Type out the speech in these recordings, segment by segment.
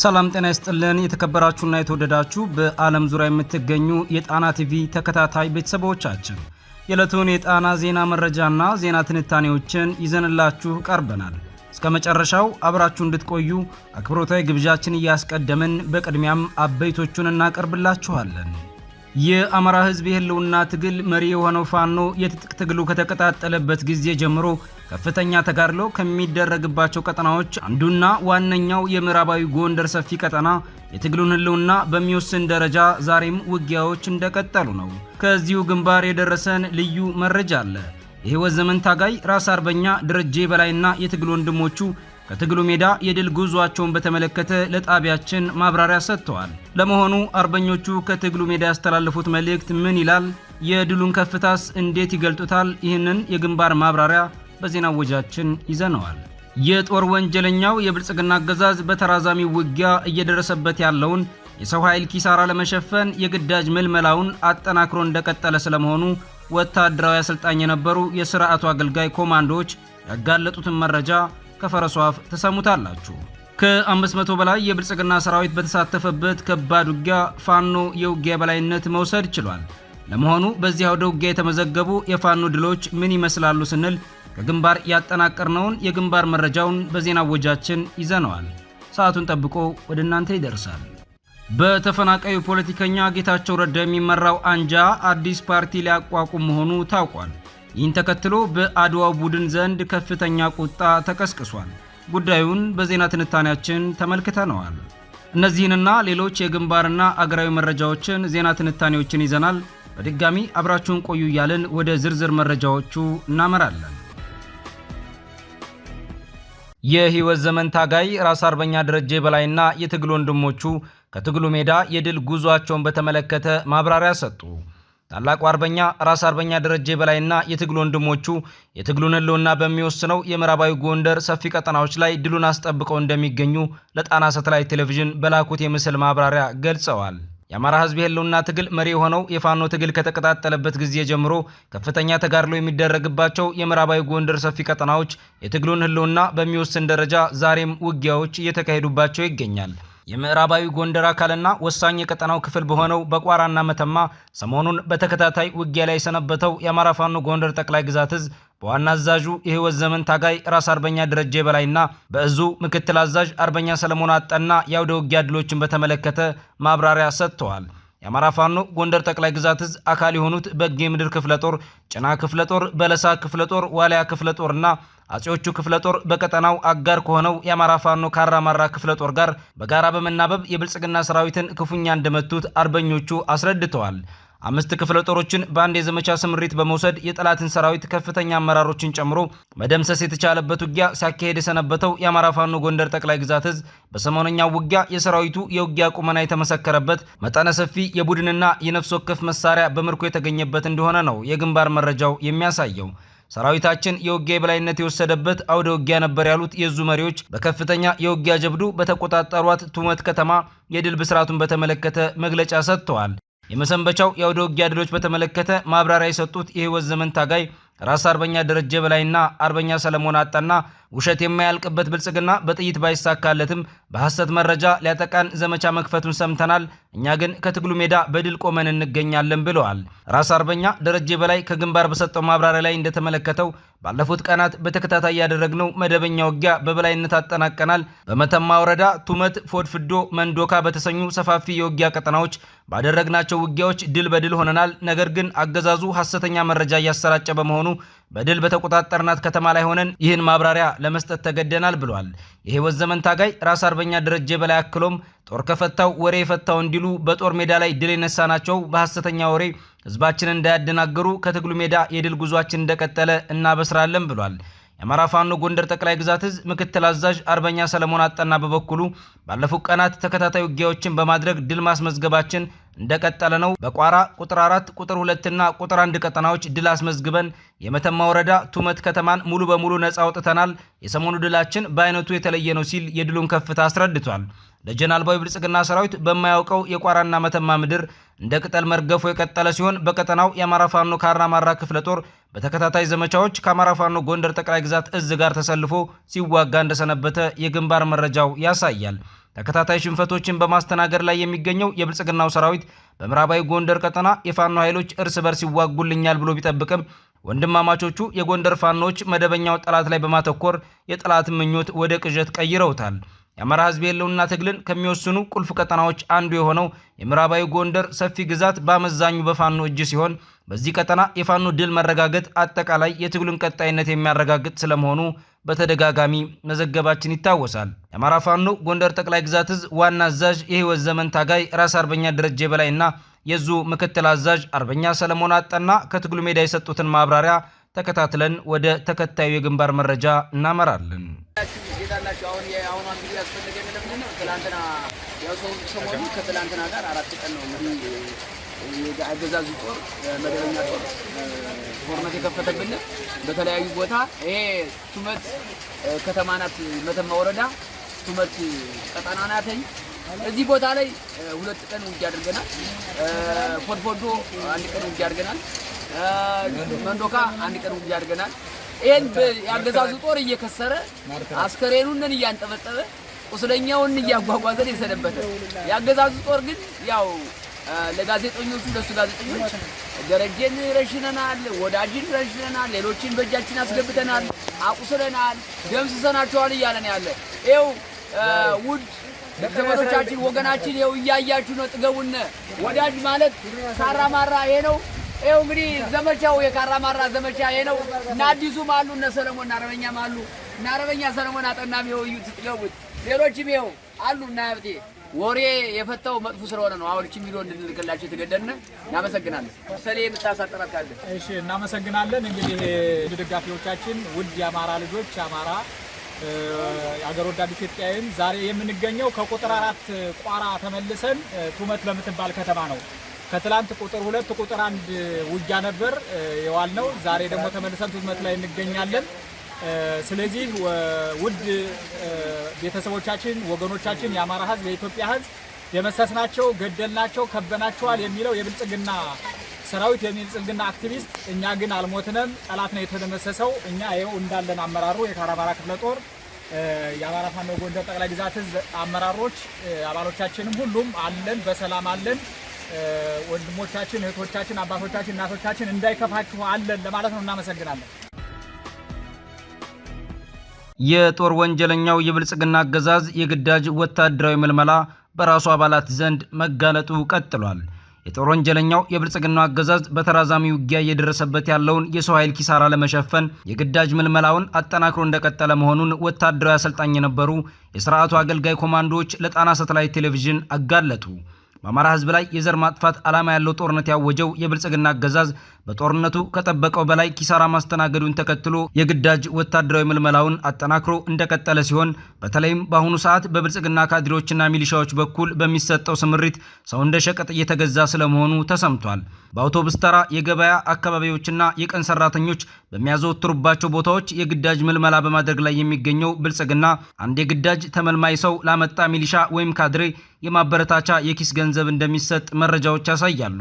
ሰላም ጤና ይስጥልን የተከበራችሁና የተወደዳችሁ በዓለም ዙሪያ የምትገኙ የጣና ቲቪ ተከታታይ ቤተሰቦቻችን የዕለቱን የጣና ዜና መረጃና ዜና ትንታኔዎችን ይዘንላችሁ ቀርበናል። እስከ መጨረሻው አብራችሁ እንድትቆዩ አክብሮታዊ ግብዣችን እያስቀደምን በቅድሚያም አበይቶቹን እናቀርብላችኋለን። የአማራ ሕዝብ የህልውና ትግል መሪ የሆነው ፋኖ የትጥቅ ትግሉ ከተቀጣጠለበት ጊዜ ጀምሮ ከፍተኛ ተጋድሎ ከሚደረግባቸው ቀጠናዎች አንዱና ዋነኛው የምዕራባዊ ጎንደር ሰፊ ቀጠና የትግሉን ህልውና በሚወስን ደረጃ ዛሬም ውጊያዎች እንደቀጠሉ ነው። ከዚሁ ግንባር የደረሰን ልዩ መረጃ አለ። የሕይወት ዘመን ታጋይ ራስ አርበኛ ደረጀ በላይና የትግል ወንድሞቹ ከትግሉ ሜዳ የድል ጉዟቸውን በተመለከተ ለጣቢያችን ማብራሪያ ሰጥተዋል። ለመሆኑ አርበኞቹ ከትግሉ ሜዳ ያስተላለፉት መልእክት ምን ይላል? የድሉን ከፍታስ እንዴት ይገልጡታል? ይህንን የግንባር ማብራሪያ በዜና ወጃችን ይዘነዋል። የጦር ወንጀለኛው የብልጽግና አገዛዝ በተራዛሚ ውጊያ እየደረሰበት ያለውን የሰው ኃይል ኪሳራ ለመሸፈን የግዳጅ ምልመላውን አጠናክሮ እንደቀጠለ ስለመሆኑ ወታደራዊ አሰልጣኝ የነበሩ የስርዓቱ አገልጋይ ኮማንዶዎች ያጋለጡትን መረጃ ከፈረሱ አፍ ተሰሙታላችሁ። ከ500 በላይ የብልጽግና ሰራዊት በተሳተፈበት ከባድ ውጊያ ፋኖ የውጊያ በላይነት መውሰድ ችሏል። ለመሆኑ በዚህ አውደ ውጊያ የተመዘገቡ የፋኖ ድሎች ምን ይመስላሉ ስንል ከግንባር ያጠናቀርነውን የግንባር መረጃውን በዜና ወጃችን ይዘነዋል። ሰዓቱን ጠብቆ ወደ እናንተ ይደርሳል። በተፈናቃዩ ፖለቲከኛ ጌታቸው ረዳ የሚመራው አንጃ አዲስ ፓርቲ ሊያቋቁም መሆኑ ታውቋል። ይህን ተከትሎ በአድዋው ቡድን ዘንድ ከፍተኛ ቁጣ ተቀስቅሷል። ጉዳዩን በዜና ትንታኔያችን ተመልክተነዋል። እነዚህንና ሌሎች የግንባርና አገራዊ መረጃዎችን ዜና ትንታኔዎችን ይዘናል። በድጋሚ አብራችሁን ቆዩ እያልን ወደ ዝርዝር መረጃዎቹ እናመራለን። የህይወት ዘመን ታጋይ ራስ አርበኛ ደረጀ በላይና የትግል ወንድሞቹ ከትግሉ ሜዳ የድል ጉዟቸውን በተመለከተ ማብራሪያ ሰጡ። ታላቁ አርበኛ ራስ አርበኛ ደረጀ በላይና የትግል ወንድሞቹ የትግሉን ህልውና በሚወስነው የምዕራባዊ ጎንደር ሰፊ ቀጠናዎች ላይ ድሉን አስጠብቀው እንደሚገኙ ለጣና ሳተላይት ቴሌቪዥን በላኩት የምስል ማብራሪያ ገልጸዋል። የአማራ ህዝብ የህልውና ትግል መሪ የሆነው የፋኖ ትግል ከተቀጣጠለበት ጊዜ ጀምሮ ከፍተኛ ተጋድሎ የሚደረግባቸው የምዕራባዊ ጎንደር ሰፊ ቀጠናዎች የትግሉን ህልውና በሚወስን ደረጃ ዛሬም ውጊያዎች እየተካሄዱባቸው ይገኛል። የምዕራባዊ ጎንደር አካልና ወሳኝ የቀጠናው ክፍል በሆነው በቋራና መተማ ሰሞኑን በተከታታይ ውጊያ ላይ የሰነበተው የአማራ ፋኖ ጎንደር ጠቅላይ ግዛት እዝ በዋና አዛዡ የህይወት ዘመን ታጋይ ራስ አርበኛ ደረጀ በላይና በእዙ ምክትል አዛዥ አርበኛ ሰለሞን አጠና የአውደ ውጊያ ድሎችን በተመለከተ ማብራሪያ ሰጥተዋል። የአማራ ፋኖ ጎንደር ጠቅላይ ግዛት እዝ አካል የሆኑት በጌ ምድር ክፍለ ጦር፣ ጭና ክፍለ ጦር፣ በለሳ ክፍለ ጦር፣ ዋሊያ ክፍለ ጦር እና አጼዎቹ ክፍለ ጦር በቀጠናው አጋር ከሆነው የአማራ ፋኖ ካራማራ ክፍለ ጦር ጋር በጋራ በመናበብ የብልጽግና ሰራዊትን ክፉኛ እንደመቱት አርበኞቹ አስረድተዋል። አምስት ክፍለ ጦሮችን በአንድ የዘመቻ ስምሪት በመውሰድ የጠላትን ሰራዊት ከፍተኛ አመራሮችን ጨምሮ መደምሰስ የተቻለበት ውጊያ ሲያካሄድ የሰነበተው የአማራ ፋኖ ጎንደር ጠቅላይ ግዛት እዝ በሰሞነኛው ውጊያ የሰራዊቱ የውጊያ ቁመና የተመሰከረበት መጠነ ሰፊ የቡድንና የነፍስ ወከፍ መሳሪያ በምርኮ የተገኘበት እንደሆነ ነው የግንባር መረጃው የሚያሳየው። ሰራዊታችን የውጊያ የበላይነት የወሰደበት አውደ ውጊያ ነበር ያሉት የዙ መሪዎች በከፍተኛ የውጊያ ጀብዱ በተቆጣጠሯት ቱመት ከተማ የድል ብስራቱን በተመለከተ መግለጫ ሰጥተዋል። የመሰንበቻው የአውደ ውጊያ ድሎች በተመለከተ ማብራሪያ የሰጡት የህይወት ዘመን ታጋይ ራስ አርበኛ ደረጀ በላይና አርበኛ ሰለሞን አጣና ውሸት የማያልቅበት ብልጽግና በጥይት ባይሳካለትም በሐሰት መረጃ ሊያጠቃን ዘመቻ መክፈቱን ሰምተናል፣ እኛ ግን ከትግሉ ሜዳ በድል ቆመን እንገኛለን ብለዋል። ራስ አርበኛ ደረጀ በላይ ከግንባር በሰጠው ማብራሪያ ላይ እንደተመለከተው ባለፉት ቀናት በተከታታይ ያደረግነው መደበኛ ውጊያ በበላይነት አጠናቀናል። በመተማ ወረዳ ቱመት፣ ፎድፍዶ፣ መንዶካ በተሰኙ ሰፋፊ የውጊያ ቀጠናዎች ባደረግናቸው ውጊያዎች ድል በድል ሆነናል። ነገር ግን አገዛዙ ሐሰተኛ መረጃ እያሰራጨ በመሆኑ በድል በተቆጣጠርናት ከተማ ላይ ሆነን ይህን ማብራሪያ ለመስጠት ተገደናል ብሏል። የህይወት ዘመን ታጋይ ራስ አርበኛ ደረጀ በላይ አክሎም ጦር ከፈታው ወሬ የፈታው እንዲሉ በጦር ሜዳ ላይ ድል ናቸው። በሐሰተኛ ወሬ ህዝባችንን እንዳያደናግሩ ከትግሉ ሜዳ የድል ጉዟችን እንደቀጠለ እናበስራለን ብሏል። የአማራ ፋኖ ጎንደር ጠቅላይ ግዛት እዝ ምክትል አዛዥ አርበኛ ሰለሞን አጠና በበኩሉ ባለፉት ቀናት ተከታታይ ውጊያዎችን በማድረግ ድል ማስመዝገባችን እንደቀጠለ ነው። በቋራ ቁጥር አራት ቁጥር ሁለትና ቁጥር አንድ ቀጠናዎች ድል አስመዝግበን የመተማ ወረዳ ቱመት ከተማን ሙሉ በሙሉ ነጻ አውጥተናል። የሰሞኑ ድላችን በአይነቱ የተለየ ነው ሲል የድሉን ከፍታ አስረድቷል። ደጀን ብልጽግና ሰራዊት በማያውቀው የቋራና መተማ ምድር እንደ ቅጠል መርገፉ የቀጠለ ሲሆን በቀጠናው የአማራ ፋኖ ካራማራ ክፍለ ጦር በተከታታይ ዘመቻዎች ከአማራ ፋኖ ጎንደር ጠቅላይ ግዛት እዝ ጋር ተሰልፎ ሲዋጋ እንደሰነበተ የግንባር መረጃው ያሳያል። ተከታታይ ሽንፈቶችን በማስተናገድ ላይ የሚገኘው የብልጽግናው ሰራዊት በምዕራባዊ ጎንደር ቀጠና የፋኖ ኃይሎች እርስ በርስ ይዋጉልኛል ብሎ ቢጠብቅም ወንድማማቾቹ የጎንደር ፋኖዎች መደበኛው ጠላት ላይ በማተኮር የጠላት ምኞት ወደ ቅዠት ቀይረውታል። የአማራ ሕዝብ የለውና ትግልን ከሚወስኑ ቁልፍ ቀጠናዎች አንዱ የሆነው የምዕራባዊ ጎንደር ሰፊ ግዛት በአመዛኙ በፋኖ እጅ ሲሆን በዚህ ቀጠና የፋኖ ድል መረጋገጥ አጠቃላይ የትግሉን ቀጣይነት የሚያረጋግጥ ስለመሆኑ በተደጋጋሚ መዘገባችን ይታወሳል። የአማራ ፋኖ ጎንደር ጠቅላይ ግዛት እዝ ዋና አዛዥ የህይወት ዘመን ታጋይ ራስ አርበኛ ደረጀ በላይና የዙ ምክትል አዛዥ አርበኛ ሰለሞን አጠና ከትግሉ ሜዳ የሰጡትን ማብራሪያ ተከታትለን ወደ ተከታዩ የግንባር መረጃ እናመራለን። ትላንትና ያው ሰሞኑ ከትላንትና ጋር አራት ቀን ነው እንግዲህ አገዛዙ ጦር መደበኛ ጦር ጦርነት የከፈተብን በተለያዩ ቦታ ይሄ ቱመት ከተማ ናት፣ መተማ ወረዳ ቱመት ቀጠና ናተኝ። እዚህ ቦታ ላይ ሁለት ቀን ውጊያ አድርገናል። ፎድፎዶ አንድ ቀን ውጊያ አድርገናል። መንዶካ አንድ ቀን ውጊያ አድርገናል። ይህን የአገዛዙ ጦር እየከሰረ አስከሬኑንን እያንጠበጠበ ቁስለኛውን እያጓጓዘን የሰነበተ የአገዛዙ ጦር ግን ያው ለጋዜጠኞቹ ለሱ ጋዜጠኞች ደረጀን ረሽነናል፣ ወዳጅን ረሽነናል፣ ሌሎችን በእጃችን አስገብተናል፣ አቁስለናል፣ ደምስሰናቸዋል እያለን ያለ ይኸው ውድ ዘመዶቻችን ወገናችን ይኸው እያያችሁ ነው። ጥገቡነ ወዳጅ ማለት ካራማራ ይሄ ነው። ይኸው እንግዲህ ዘመቻው የካራማራ ዘመቻ ይሄ ነው እና አዲሱም አሉ እነ ሰለሞን እና አርበኛም አሉ እና አርበኛ ሰለሞን አጠናም ይኸው እዩት ጥገቡት። ሌሎችም ይኸው አሉ እና ያብጤ ወሬ የፈታው መጥፎ ስለሆነ ነው። አሁን እቺ ቪዲዮ እንድንልክላችሁ የተገደድን። እናመሰግናለን። ሰሌ የምታሳጠራት ካለ እሺ፣ እናመሰግናለን። እንግዲህ ደጋፊዎቻችን፣ ውድ የአማራ ልጆች፣ አማራ አገር ወዳድ ኢትዮጵያውያን፣ ዛሬ የምንገኘው ከቁጥር አራት ቋራ ተመልሰን ቱመት በምትባል ከተማ ነው። ከትላንት ቁጥር ሁለት ቁጥር አንድ ውጊያ ነበር የዋል ነው። ዛሬ ደግሞ ተመልሰን ቱመት ላይ እንገኛለን። ስለዚህ ውድ ቤተሰቦቻችን፣ ወገኖቻችን የአማራ ህዝብ፣ የኢትዮጵያ ህዝብ የመሰስናቸው ገደልናቸው፣ ከበናቸዋል የሚለው የብልጽግና ሰራዊት የብልጽግና አክቲቪስት፣ እኛ ግን አልሞትንም። ጠላት ነው የተደመሰሰው። እኛ ይኸው እንዳለን አመራሩ የካራባራ ክፍለ ጦር የአማራ ፋኖ ጎንደር ጠቅላይ ግዛት አመራሮች አባሎቻችንም ሁሉም አለን፣ በሰላም አለን። ወንድሞቻችን፣ እህቶቻችን፣ አባቶቻችን፣ እናቶቻችን እንዳይከፋችሁ አለን ለማለት ነው። እናመሰግናለን። የጦር ወንጀለኛው የብልጽግና አገዛዝ የግዳጅ ወታደራዊ ምልመላ በራሱ አባላት ዘንድ መጋለጡ ቀጥሏል። የጦር ወንጀለኛው የብልጽግና አገዛዝ በተራዛሚ ውጊያ እየደረሰበት ያለውን የሰው ኃይል ኪሳራ ለመሸፈን የግዳጅ ምልመላውን አጠናክሮ እንደቀጠለ መሆኑን ወታደራዊ አሰልጣኝ የነበሩ የስርዓቱ አገልጋይ ኮማንዶዎች ለጣና ሳተላይት ቴሌቪዥን አጋለጡ። በአማራ ህዝብ ላይ የዘር ማጥፋት ዓላማ ያለው ጦርነት ያወጀው የብልጽግና አገዛዝ በጦርነቱ ከጠበቀው በላይ ኪሳራ ማስተናገዱን ተከትሎ የግዳጅ ወታደራዊ ምልመላውን አጠናክሮ እንደቀጠለ ሲሆን በተለይም በአሁኑ ሰዓት በብልጽግና ካድሬዎችና ሚሊሻዎች በኩል በሚሰጠው ስምሪት ሰው እንደ ሸቀጥ እየተገዛ ስለመሆኑ ተሰምቷል። በአውቶቡስ ተራ፣ የገበያ አካባቢዎችና የቀን ሰራተኞች በሚያዘወትሩባቸው ቦታዎች የግዳጅ ምልመላ በማድረግ ላይ የሚገኘው ብልጽግና አንድ የግዳጅ ተመልማይ ሰው ላመጣ ሚሊሻ ወይም ካድሬ የማበረታቻ የኪስ ገንዘብ እንደሚሰጥ መረጃዎች ያሳያሉ።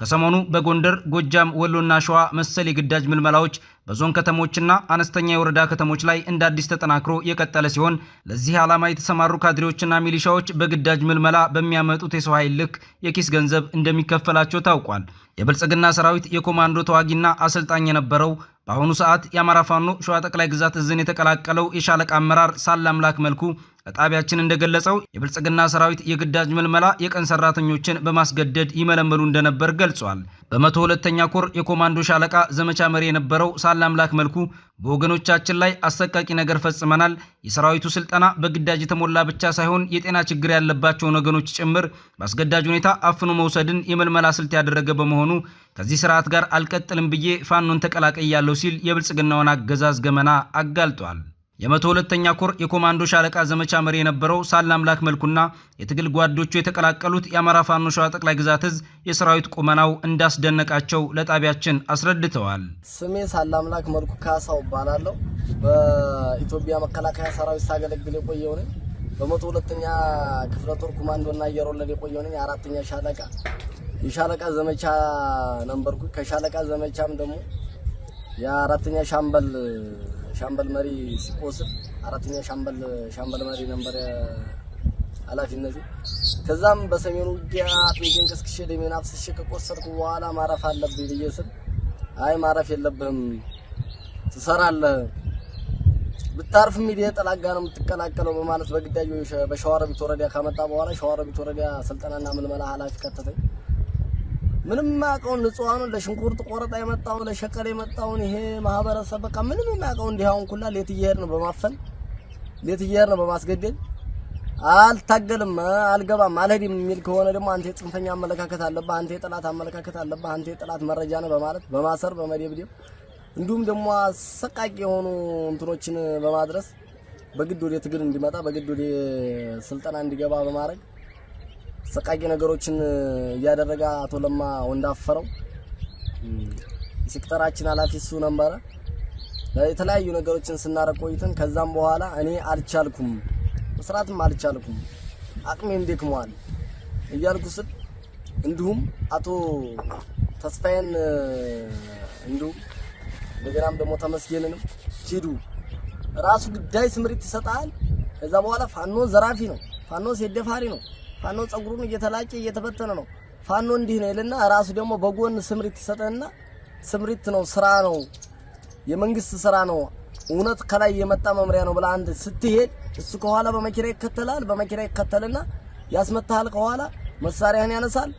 ከሰሞኑ በጎንደር፣ ጎጃም፣ ወሎና ሸዋ መሰል የግዳጅ ምልመላዎች በዞን ከተሞችና አነስተኛ የወረዳ ከተሞች ላይ እንደ አዲስ ተጠናክሮ የቀጠለ ሲሆን ለዚህ ዓላማ የተሰማሩ ካድሬዎችና ሚሊሻዎች በግዳጅ ምልመላ በሚያመጡት የሰው ኃይል ልክ የኪስ ገንዘብ እንደሚከፈላቸው ታውቋል። የብልጽግና ሰራዊት የኮማንዶ ተዋጊና አሰልጣኝ የነበረው በአሁኑ ሰዓት የአማራ ፋኖ ሸዋ ጠቅላይ ግዛት እዝን የተቀላቀለው የሻለቃ አመራር ሳለ አምላክ መልኩ ለጣቢያችን እንደገለጸው የብልጽግና ሰራዊት የግዳጅ ምልመላ የቀን ሰራተኞችን በማስገደድ ይመለመሉ እንደነበር ገልጿል። በመቶ ሁለተኛ ኮር የኮማንዶ ሻለቃ ዘመቻ መሪ የነበረው ሳለ አምላክ መልኩ በወገኖቻችን ላይ አሰቃቂ ነገር ፈጽመናል። የሰራዊቱ ስልጠና በግዳጅ የተሞላ ብቻ ሳይሆን የጤና ችግር ያለባቸውን ወገኖች ጭምር በአስገዳጅ ሁኔታ አፍኖ መውሰድን የመልመላ ስልት ያደረገ በመሆኑ ከዚህ ስርዓት ጋር አልቀጥልም ብዬ ፋኖን ተቀላቀይ ያለው ሲል የብልጽግናውን አገዛዝ ገመና አጋልጧል። የመቶ ሁለተኛ ኮር የኮማንዶ ሻለቃ ዘመቻ መሪ የነበረው ሳላ አምላክ መልኩና የትግል ጓዶቹ የተቀላቀሉት የአማራ ፋኖ ሸዋ ጠቅላይ ግዛት እዝ የሰራዊት ቁመናው እንዳስደነቃቸው ለጣቢያችን አስረድተዋል። ስሜ ሳላ አምላክ መልኩ ካሳው እባላለሁ። በኢትዮጵያ መከላከያ ሰራዊት ሳገለግል የቆየው ነኝ። በመቶ ሁለተኛ ክፍለ ጦር ኮማንዶና አየር ወለድ የቆየው ነኝ። አራተኛ ሻለቃ የሻለቃ ዘመቻ ነበርኩ። ከሻለቃ ዘመቻም ደግሞ የአራተኛ ሻምበል ሻምበል መሪ ሲቆስል አራተኛ ሻምበል ሻምበል መሪ ነበር ኃላፊነቱ። ከዛም በሰሜኑ ውጊያ አጥንቴን ቀስቅሼ ደሜን አፍስሼ ከቆሰርኩ በኋላ ማረፍ አለብኝ ብዬ ስል አይ ማረፍ የለብህም ትሰራለህ፣ ብታርፍ ሚዲያ ጠላጋ ነው የምትቀላቀለው በማለት በግዳጅ በሸዋሮቢት ወረዳ ካመጣ በኋላ ሸዋሮቢት ወረዳ ስልጠናና ምልመላ ኃላፊ ከተተኝ። ምንም የማያውቀውን ንጹሃኑን ለሽንኩርት ቆረጣ የመጣውን ለሸቀል የመጣውን ይሄ ማህበረሰብ በቃ ምንም የማያውቀውን እንዲያውን ኩላ ሌት እየሄድን በማፈን ሌት እየሄድን በማስገደል አልታገልም አልገባም አልሄድም የሚል ከሆነ ደግሞ አንተ የጽንፈኛ አመለካከት አለብህ፣ አንተ የጠላት አመለካከት አለብህ፣ አንተ የጠላት መረጃ ነህ በማለት በማሰር በመደብደብ እንዲሁም ደግሞ አሰቃቂ የሆኑ እንትኖችን በማድረስ በግድ ወደ ትግል እንዲመጣ በግድ ወደ ስልጠና እንዲገባ በማድረግ ሰቃቂ ነገሮችን እያደረገ አቶ ለማ ወንዳፈረው ሴክተራችን ኃላፊ እሱ ነበረ። የተለያዩ ነገሮችን ስናረግ ቆይተን ከዛም በኋላ እኔ አልቻልኩም፣ መስራትም አልቻልኩም፣ አቅሜም ደክሟል እያልኩ ስል እንዲሁም አቶ ተስፋዬን እንዲሁም እንደገናም ደግሞ ተመስገንንም ሂዱ ራሱ ግዳይ ስምሪት ይሰጣል። ከዛ በኋላ ፋኖ ዘራፊ ነው፣ ፋኖ ሴት ነው ፋኖ ጸጉሩን እየተላጨ እየተበተነ ነው። ፋኖ እንዲህ ነው ይልና ራሱ ደግሞ በጎን ስምሪት ይሰጠንና ስምሪት ነው ስራ ነው የመንግስት ስራ ነው እውነት ከላይ የመጣ መምሪያ ነው ብላ አንድ ስትሄድ እሱ ከኋላ በመኪና ይከተላል። በመኪና ይከተልና ያስመታሃል። ከኋላ መሳሪያህን ያነሳል።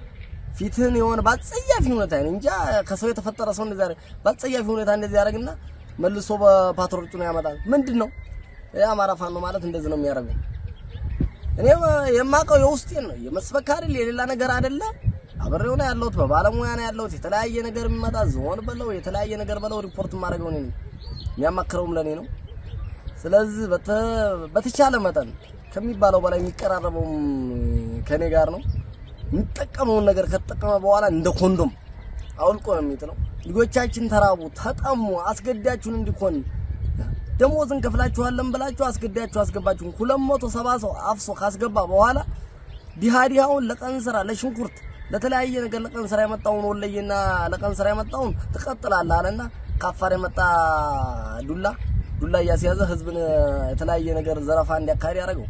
ፊትህን የሆነ ባጸያፊ ሁኔታ እንጃ ከሰው የተፈጠረ ሰው እንደዛ ባጸያፊ ሁኔታ እንደዚህ ያደርግና መልሶ በፓትሮል ጭኖ ያመጣል። ምንድን ነው የአማራ ፋኖ ማለት እንደዚህ ነው የሚያደርገው። እኔ የማውቀው የውስጤን ነው። የመስበክ አይደል የሌላ ነገር አይደለ። አብሬው ነው ያለሁት፣ በባለሙያ ነው ያለሁት። የተለያየ ነገር የሚመጣ ዞን በለው የተለያየ ነገር በለው ሪፖርት ማድረገው ነው የሚያማክረውም ለኔ ነው። ስለዚህ በተቻለ መጠን ከሚባለው በላይ የሚቀራረበውም ከኔ ጋር ነው። የሚጠቀመውን ነገር ከተጠቀመ በኋላ እንደ ኮንዶም አውልቆ ነው የሚጥለው። ልጆቻችን ተራቡ፣ ተጠሙ፣ አስገዳችሁን እንዲኮን ደሞዝ እንከፍላችኋለን ብላችሁ አስገዳያችሁ አስገባችሁን። ሁለት መቶ ሰባ ሰው አፍሶ ካስገባ በኋላ ዲሃ ዲሃውን ለቀን ስራ ለሽንኩርት ለተለያየ ነገር ለቀን ስራ የመጣውን ወለየና ለቀን ስራ የመጣውን ትቀጥላለህ አለና ካፋር የመጣ ዱላ ዱላ እያስያዘ ህዝብን የተለያየ ነገር ዘረፋ እንዲያካሄድ ያደረገው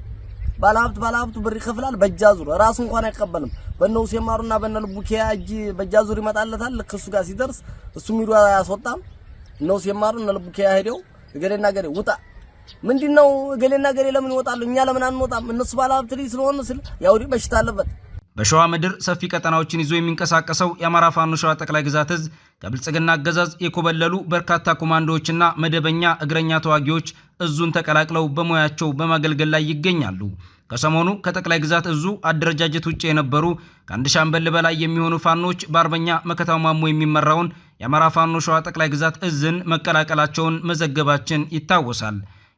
ባለሀብት ባለሀብቱ ብር ይከፍላል። በጃዙር ራሱ እንኳን አይቀበልም። በነው የማሩና በእነ ልቡ ኪያ እጅ ይመጣለታል። ልክ እሱ ጋር ሲደርስ እሱ ሚዱ አያስወጣም። ነው የማሩ እነ ኪያ ሄደው እገሌና እገሌ ውጣ። ምንድነው እገሌና እገሌ ለምን ይወጣሉ? እኛ ለምን አንወጣም? እነሱ ባለሀብት ልጅ ስለሆነ ስል የአውዲ በሽታ አለበት። በሸዋ ምድር ሰፊ ቀጠናዎችን ይዞ የሚንቀሳቀሰው የአማራ ፋኖ ሸዋ ጠቅላይ ግዛት እዝ ከብልጽግና አገዛዝ የኮበለሉ በርካታ ኮማንዶዎችና መደበኛ እግረኛ ተዋጊዎች እዙን ተቀላቅለው በሙያቸው በማገልገል ላይ ይገኛሉ። ከሰሞኑ ከጠቅላይ ግዛት እዙ አደረጃጀት ውጭ የነበሩ ከአንድ ሻምበል በላይ የሚሆኑ ፋኖች በአርበኛ መከታው ማሞ የሚመራውን የአማራ ፋኖ ሸዋ ጠቅላይ ግዛት እዝን መቀላቀላቸውን መዘገባችን ይታወሳል።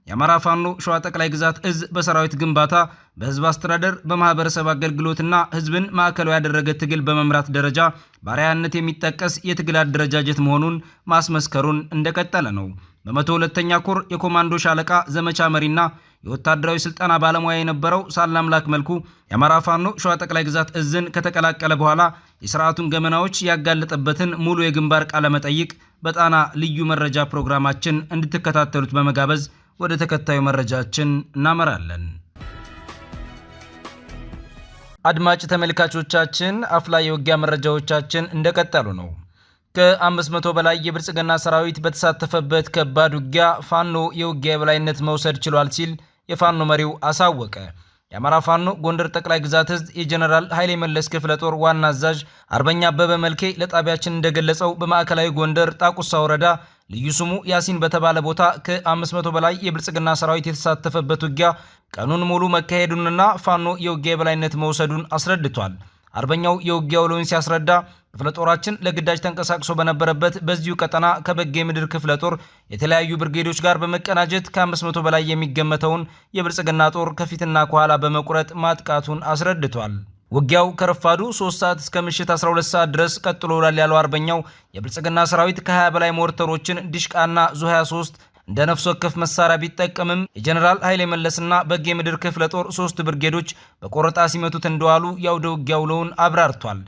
የአማራ ፋኖ ሸዋ ጠቅላይ ግዛት እዝ በሰራዊት ግንባታ፣ በህዝብ አስተዳደር፣ በማህበረሰብ አገልግሎትና ህዝብን ማዕከላዊ ያደረገ ትግል በመምራት ደረጃ ባሪያነት የሚጠቀስ የትግል አደረጃጀት መሆኑን ማስመስከሩን እንደቀጠለ ነው። በመቶ ሁለተኛ ኮር የኮማንዶ ሻለቃ ዘመቻ መሪና የወታደራዊ ስልጠና ባለሙያ የነበረው ሳላምላክ መልኩ የአማራ ፋኖ ሸዋ ጠቅላይ ግዛት እዝን ከተቀላቀለ በኋላ የስርዓቱን ገመናዎች ያጋለጠበትን ሙሉ የግንባር ቃለመጠይቅ በጣና ልዩ መረጃ ፕሮግራማችን እንድትከታተሉት በመጋበዝ ወደ ተከታዩ መረጃችን እናመራለን። አድማጭ ተመልካቾቻችን አፍላ የውጊያ መረጃዎቻችን እንደቀጠሉ ነው። ከ500 በላይ የብልጽግና ሰራዊት በተሳተፈበት ከባድ ውጊያ ፋኖ የውጊያ የበላይነት መውሰድ ችሏል ሲል የፋኖ መሪው አሳወቀ። የአማራ ፋኖ ጎንደር ጠቅላይ ግዛት እዝ የጀኔራል ኃይሌ መለስ ክፍለ ጦር ዋና አዛዥ አርበኛ አበበ መልኬ ለጣቢያችን እንደገለጸው በማዕከላዊ ጎንደር ጣቁሳ ወረዳ ልዩ ስሙ ያሲን በተባለ ቦታ ከ500 በላይ የብልጽግና ሰራዊት የተሳተፈበት ውጊያ ቀኑን ሙሉ መካሄዱንና ፋኖ የውጊያ የበላይነት መውሰዱን አስረድቷል። አርበኛው የውጊያ ውሎውን ሲያስረዳ ክፍለ ጦራችን ለግዳጅ ተንቀሳቅሶ በነበረበት በዚሁ ቀጠና ከበጌ ምድር ክፍለ ጦር የተለያዩ ብርጌዶች ጋር በመቀናጀት ከ500 በላይ የሚገመተውን የብልጽግና ጦር ከፊትና ከኋላ በመቁረጥ ማጥቃቱን አስረድቷል። ውጊያው ከረፋዱ 3 ሰዓት እስከ ምሽት 12 ሰዓት ድረስ ቀጥሎ ውላል ያለው አርበኛው የብልጽግና ሰራዊት ከ20 በላይ ሞርተሮችን፣ ዲሽቃና ዙ23 እንደ ነፍስ ወከፍ መሳሪያ ቢጠቀምም የጀኔራል ኃይሌ መለስና በጌ ምድር ክፍለ ጦር ሶስት ብርጌዶች በቆረጣ ሲመቱት እንደዋሉ የአውደ ውጊያ ውለውን አብራርቷል።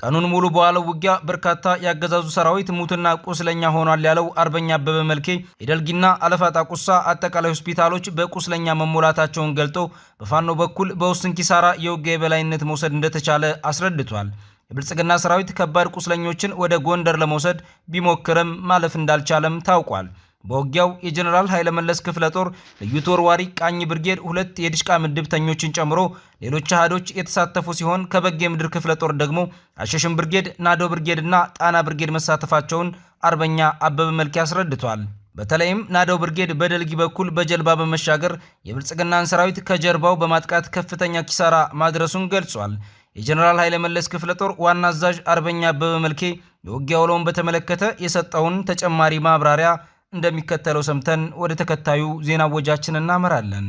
ቀኑን ሙሉ በዋለው ውጊያ በርካታ ያገዛዙ ሰራዊት ሙትና ቁስለኛ ሆኗል ያለው አርበኛ አበበ መልኬ የደልጊና አለፋጣ ቁሳ አጠቃላይ ሆስፒታሎች በቁስለኛ መሞላታቸውን ገልጦ በፋኖ በኩል በውስን ኪሳራ የውጊያ የበላይነት መውሰድ እንደተቻለ አስረድቷል። የብልጽግና ሰራዊት ከባድ ቁስለኞችን ወደ ጎንደር ለመውሰድ ቢሞክርም ማለፍ እንዳልቻለም ታውቋል። በውጊያው የጀኔራል ኃይለመለስ ክፍለ ጦር ልዩ ተወርዋሪ ቃኝ ብርጌድ ሁለት የድሽቃ ምድብተኞችን ጨምሮ ሌሎች አህዶች የተሳተፉ ሲሆን ከበጌ ምድር ክፍለ ጦር ደግሞ አሸሽን ብርጌድ፣ ናዶ ብርጌድ እና ጣና ብርጌድ መሳተፋቸውን አርበኛ አበበ መልክ አስረድቷል። በተለይም ናደው ብርጌድ በደልጊ በኩል በጀልባ በመሻገር የብልጽግናን ሰራዊት ከጀርባው በማጥቃት ከፍተኛ ኪሳራ ማድረሱን ገልጿል። የጀኔራል ኃይለ መለስ ክፍለ ጦር ዋና አዛዥ አርበኛ አበበ መልኬ የውጊያ ውሎውን በተመለከተ የሰጠውን ተጨማሪ ማብራሪያ እንደሚከተለው ሰምተን ወደ ተከታዩ ዜና ወጃችን እናመራለን።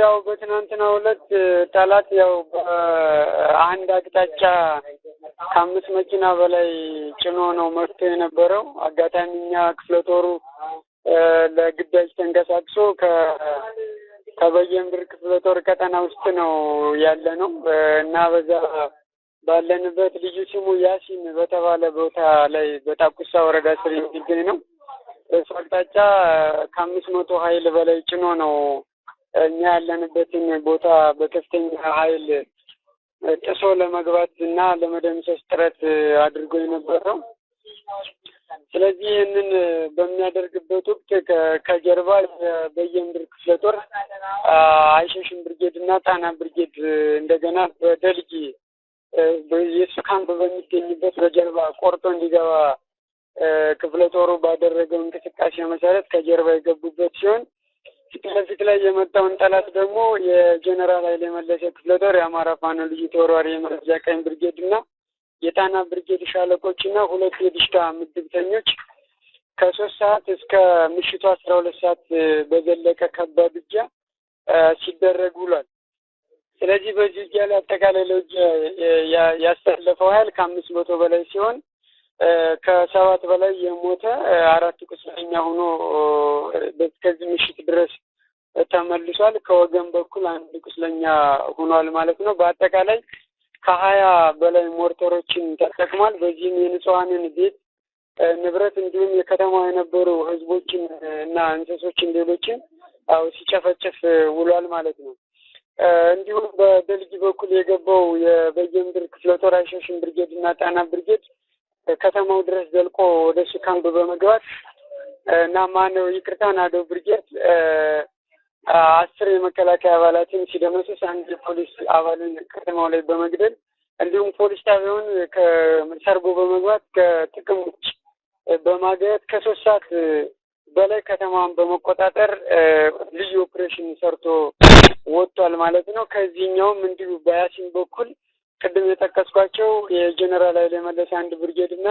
ያው በትናንትና ሁለት ጠላት ያው በአንድ አቅጣጫ ከአምስት መኪና በላይ ጭኖ ነው መጥቶ የነበረው። አጋጣሚ እኛ ክፍለ ጦሩ ለግዳጅ ተንቀሳቅሶ ከበጌምድር ክፍለ ጦር ቀጠና ውስጥ ነው ያለ ነው እና በዛ ባለንበት ልዩ ስሙ ያሲን በተባለ ቦታ ላይ በጣቁሳ ወረዳ ስር የሚገኝ ነው በሱ አቅጣጫ ከአምስት መቶ ኃይል በላይ ጭኖ ነው እኛ ያለንበትን ቦታ በከፍተኛ ኃይል ጥሶ ለመግባት እና ለመደምሰስ ጥረት አድርጎ የነበረው። ስለዚህ ይህንን በሚያደርግበት ወቅት ከጀርባ በየምድር ክፍለ ጦር አይሸሽን ብርጌድ እና ጣና ብርጌድ እንደገና በደልጊ የሱ ካምፕ በሚገኝበት በጀርባ ቆርጦ እንዲገባ ክፍለ ጦሩ ባደረገው እንቅስቃሴ መሰረት ከጀርባ የገቡበት ሲሆን ፊት ለፊት ላይ የመጣውን ጠላት ደግሞ የጀኔራል ኃይሌ መለሰ ክፍለ ጦር የአማራ ፋኖ ልዩ ተወርዋሪ የመረጃ ቀኝ ብርጌድ እና የጣና ብርጌድ ሻለቆች እና ሁለት የድሽታ ምድብተኞች ከሶስት ሰዓት እስከ ምሽቱ አስራ ሁለት ሰዓት በዘለቀ ከባድ ውጊያ ሲደረግ ውሏል። ስለዚህ በዚህ ውጊያ ላይ አጠቃላይ ለውጊያ ያሳለፈው ኃይል ከአምስት መቶ በላይ ሲሆን ከሰባት በላይ የሞተ አራት ቁስለኛ ሆኖ ከዚህ ምሽት ድረስ ተመልሷል። ከወገን በኩል አንድ ቁስለኛ ሆኗል ማለት ነው። በአጠቃላይ ከሀያ በላይ ሞርተሮችን ተጠቅሟል። በዚህም የንጹሐንን ቤት ንብረት እንዲሁም የከተማ የነበሩ ህዝቦችን እና እንስሶችን ሌሎችን አው ሲጨፈጨፍ ውሏል ማለት ነው። እንዲሁም በደልጊ በኩል የገባው የበየምድር ክፍለ ጦር ብርጌድ እና ጣና ብርጌድ ከተማው ድረስ ዘልቆ ወደ እሱ ካምፕ በመግባት እና ማነው ይቅርታ ናዶ ብርጌት አስር የመከላከያ አባላትን ሲደመስስ አንድ ፖሊስ አባልን ከተማው ላይ በመግደል እንዲሁም ፖሊስ ጣቢያውን ሰርጎ በመግባት ከጥቅም ውጭ በማገት ከሶስት ሰዓት በላይ ከተማን በመቆጣጠር ልዩ ኦፕሬሽን ሰርቶ ወጥቷል ማለት ነው። ከዚህኛውም እንዲሁ በያሲን በኩል ቅድም የጠቀስኳቸው የጀኔራል ኃይለ መለስ አንድ ብርጌድ እና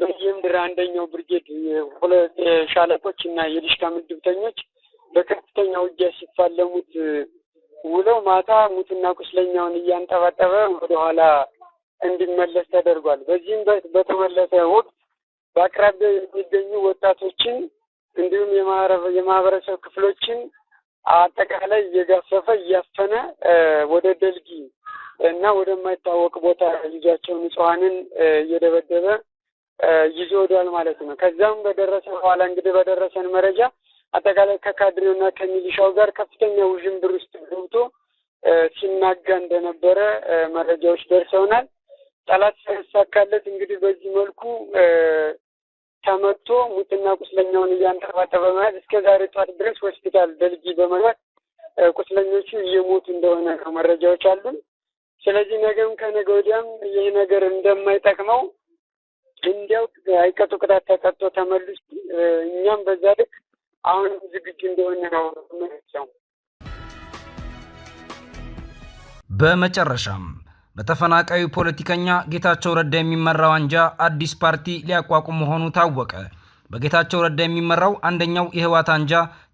በየምድር አንደኛው ብርጌድ ሻለቆች እና የድሽካ ምድብተኞች በከፍተኛ ውጊያ ሲፋለሙት ውለው ማታ ሙትና ቁስለኛውን እያንጠባጠበ ወደኋላ እንዲመለስ ተደርጓል። በዚህም በተመለሰ ወቅት በአቅራቢያ የሚገኙ ወጣቶችን እንዲሁም የማህበረሰብ ክፍሎችን አጠቃላይ እየጋፈፈ እያፈነ ወደ ደልጊ እና ወደማይታወቅ ቦታ ልጃቸውን ንጹሐንን እየደበደበ ይዞ ወዷል ማለት ነው። ከዛም በደረሰ በኋላ እንግዲህ በደረሰን መረጃ አጠቃላይ ከካድሬውና ከሚሊሻው ጋር ከፍተኛ ውዥንብር ውስጥ ገብቶ ሲናጋ እንደነበረ መረጃዎች ደርሰውናል። ጠላት ሳይሳካለት እንግዲህ በዚህ መልኩ ተመቶ ሙትና ቁስለኛውን እያንጠባጠበ በመያዝ እስከ ዛሬ ጠዋት ድረስ ሆስፒታል ደልጊ በመግባት ቁስለኞቹ እየሞቱ እንደሆነ ነው መረጃዎች አሉን። ስለዚህ ነገም ከነገ ወዲያም ይህ ነገር እንደማይጠቅመው እንዲያውቅ አይቀጡ ቅጣት ተቀጥቶ ተመልሶ እኛም በዛ ልክ አሁንም ዝግጁ እንደሆነ ነው መልሰው በመጨረሻም በተፈናቃዩ ፖለቲከኛ ጌታቸው ረዳ የሚመራው አንጃ አዲስ ፓርቲ ሊያቋቁም መሆኑ ታወቀ። በጌታቸው ረዳ የሚመራው አንደኛው የህወሓት አንጃ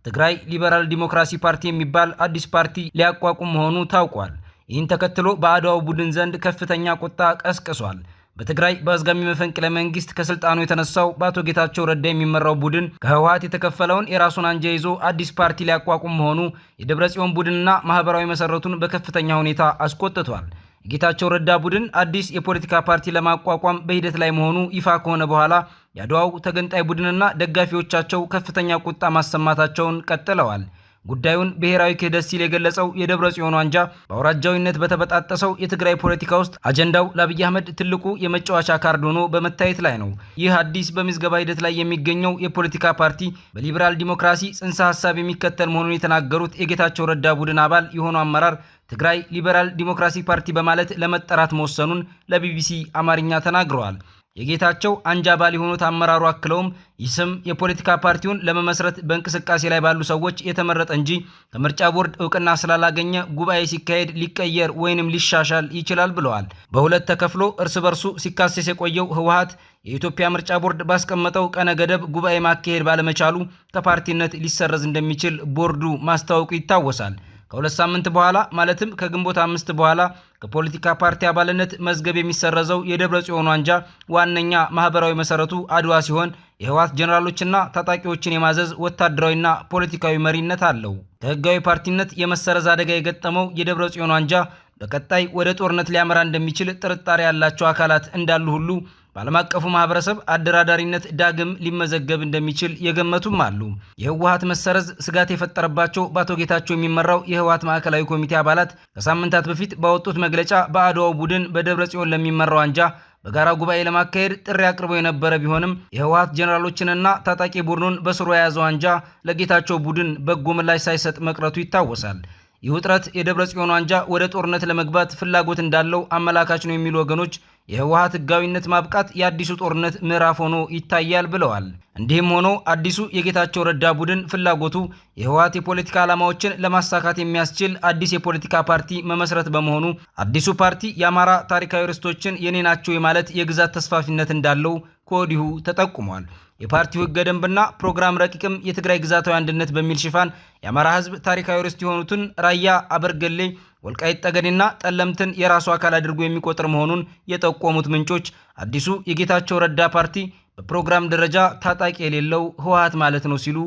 ትግራይ ሊበራል ዲሞክራሲ ፓርቲ የሚባል አዲስ ፓርቲ ሊያቋቁም መሆኑ ታውቋል። ይህን ተከትሎ በአድዋው ቡድን ዘንድ ከፍተኛ ቁጣ ቀስቅሷል። በትግራይ በአዝጋሚ መፈንቅለ መንግስት ከስልጣኑ የተነሳው በአቶ ጌታቸው ረዳ የሚመራው ቡድን ከህወሀት የተከፈለውን የራሱን አንጃ ይዞ አዲስ ፓርቲ ሊያቋቁም መሆኑ የደብረ ጽዮን ቡድንና ማህበራዊ መሰረቱን በከፍተኛ ሁኔታ አስቆጥቷል። የጌታቸው ረዳ ቡድን አዲስ የፖለቲካ ፓርቲ ለማቋቋም በሂደት ላይ መሆኑ ይፋ ከሆነ በኋላ የአድዋው ተገንጣይ ቡድንና ደጋፊዎቻቸው ከፍተኛ ቁጣ ማሰማታቸውን ቀጥለዋል። ጉዳዩን ብሔራዊ ክህደት ሲል የገለጸው የደብረ ጽዮን ዋንጃ በአውራጃዊነት በተበጣጠሰው የትግራይ ፖለቲካ ውስጥ አጀንዳው ለአብይ አህመድ ትልቁ የመጫወቻ ካርድ ሆኖ በመታየት ላይ ነው። ይህ አዲስ በምዝገባ ሂደት ላይ የሚገኘው የፖለቲካ ፓርቲ በሊበራል ዲሞክራሲ ጽንሰ ሀሳብ የሚከተል መሆኑን የተናገሩት የጌታቸው ረዳ ቡድን አባል የሆኑ አመራር ትግራይ ሊበራል ዲሞክራሲ ፓርቲ በማለት ለመጠራት መወሰኑን ለቢቢሲ አማርኛ ተናግረዋል። የጌታቸው አንጃ አባል የሆኑት አመራሩ አክለውም ይህ ስም የፖለቲካ ፓርቲውን ለመመስረት በእንቅስቃሴ ላይ ባሉ ሰዎች የተመረጠ እንጂ ከምርጫ ቦርድ እውቅና ስላላገኘ ጉባኤ ሲካሄድ ሊቀየር ወይንም ሊሻሻል ይችላል ብለዋል። በሁለት ተከፍሎ እርስ በርሱ ሲካሰስ የቆየው ህወሀት የኢትዮጵያ ምርጫ ቦርድ ባስቀመጠው ቀነ ገደብ ጉባኤ ማካሄድ ባለመቻሉ ከፓርቲነት ሊሰረዝ እንደሚችል ቦርዱ ማስታወቁ ይታወሳል። ከሁለት ሳምንት በኋላ ማለትም ከግንቦት አምስት በኋላ ከፖለቲካ ፓርቲ አባልነት መዝገብ የሚሰረዘው የደብረ ጽዮን ዋንጃ ዋነኛ ማህበራዊ መሰረቱ አድዋ ሲሆን የህወሓት ጀኔራሎችና ታጣቂዎችን የማዘዝ ወታደራዊና ፖለቲካዊ መሪነት አለው። ከህጋዊ ፓርቲነት የመሰረዝ አደጋ የገጠመው የደብረ ጽዮን ዋንጃ በቀጣይ ወደ ጦርነት ሊያመራ እንደሚችል ጥርጣሬ ያላቸው አካላት እንዳሉ ሁሉ በዓለም አቀፉ ማህበረሰብ አደራዳሪነት ዳግም ሊመዘገብ እንደሚችል የገመቱም አሉ። የህወሀት መሰረዝ ስጋት የፈጠረባቸው በአቶ ጌታቸው የሚመራው የህወሀት ማዕከላዊ ኮሚቴ አባላት ከሳምንታት በፊት ባወጡት መግለጫ በአድዋው ቡድን በደብረ ጽዮን ለሚመራው አንጃ በጋራ ጉባኤ ለማካሄድ ጥሪ አቅርበው የነበረ ቢሆንም የህወሀት ጀኔራሎችንና ታጣቂ ቡድኑን በስሩ የያዘው አንጃ ለጌታቸው ቡድን በጎ ምላሽ ሳይሰጥ መቅረቱ ይታወሳል። ይህ ውጥረት የደብረ ጽዮን አንጃ ወደ ጦርነት ለመግባት ፍላጎት እንዳለው አመላካች ነው የሚሉ ወገኖች የህወሀት ህጋዊነት ማብቃት የአዲሱ ጦርነት ምዕራፍ ሆኖ ይታያል ብለዋል። እንዲህም ሆኖ አዲሱ የጌታቸው ረዳ ቡድን ፍላጎቱ የህወሀት የፖለቲካ ዓላማዎችን ለማሳካት የሚያስችል አዲስ የፖለቲካ ፓርቲ መመስረት በመሆኑ አዲሱ ፓርቲ የአማራ ታሪካዊ ርስቶችን የኔ ናቸው የማለት የግዛት ተስፋፊነት እንዳለው ከወዲሁ ተጠቁሟል። የፓርቲው ህገ ደንብና ፕሮግራም ረቂቅም የትግራይ ግዛታዊ አንድነት በሚል ሽፋን የአማራ ህዝብ ታሪካዊ ርስት የሆኑትን ራያ፣ አበርገሌ ወልቃይት ጠገዴና ጠለምትን የራሱ አካል አድርጎ የሚቆጥር መሆኑን የጠቆሙት ምንጮች አዲሱ የጌታቸው ረዳ ፓርቲ በፕሮግራም ደረጃ ታጣቂ የሌለው ህወሀት ማለት ነው ሲሉ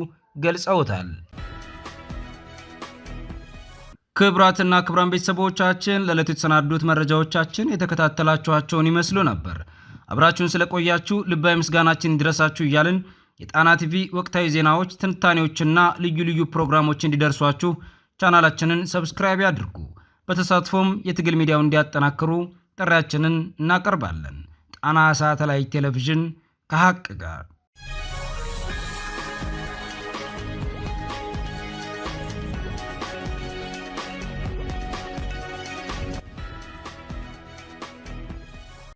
ገልጸውታል። ክብራትና ክብራን ቤተሰቦቻችን ለዕለቱ የተሰናዱት መረጃዎቻችን የተከታተላችኋቸውን ይመስሉ ነበር። አብራችሁን ስለቆያችሁ ልባዊ ምስጋናችን ይድረሳችሁ እያልን የጣና ቲቪ ወቅታዊ ዜናዎች፣ ትንታኔዎችና ልዩ ልዩ ፕሮግራሞች እንዲደርሷችሁ ቻናላችንን ሰብስክራይብ አድርጉ። በተሳትፎም የትግል ሚዲያውን እንዲያጠናክሩ ጥሪያችንን እናቀርባለን። ጣና ሳተላይት ቴሌቪዥን ከሀቅ ጋር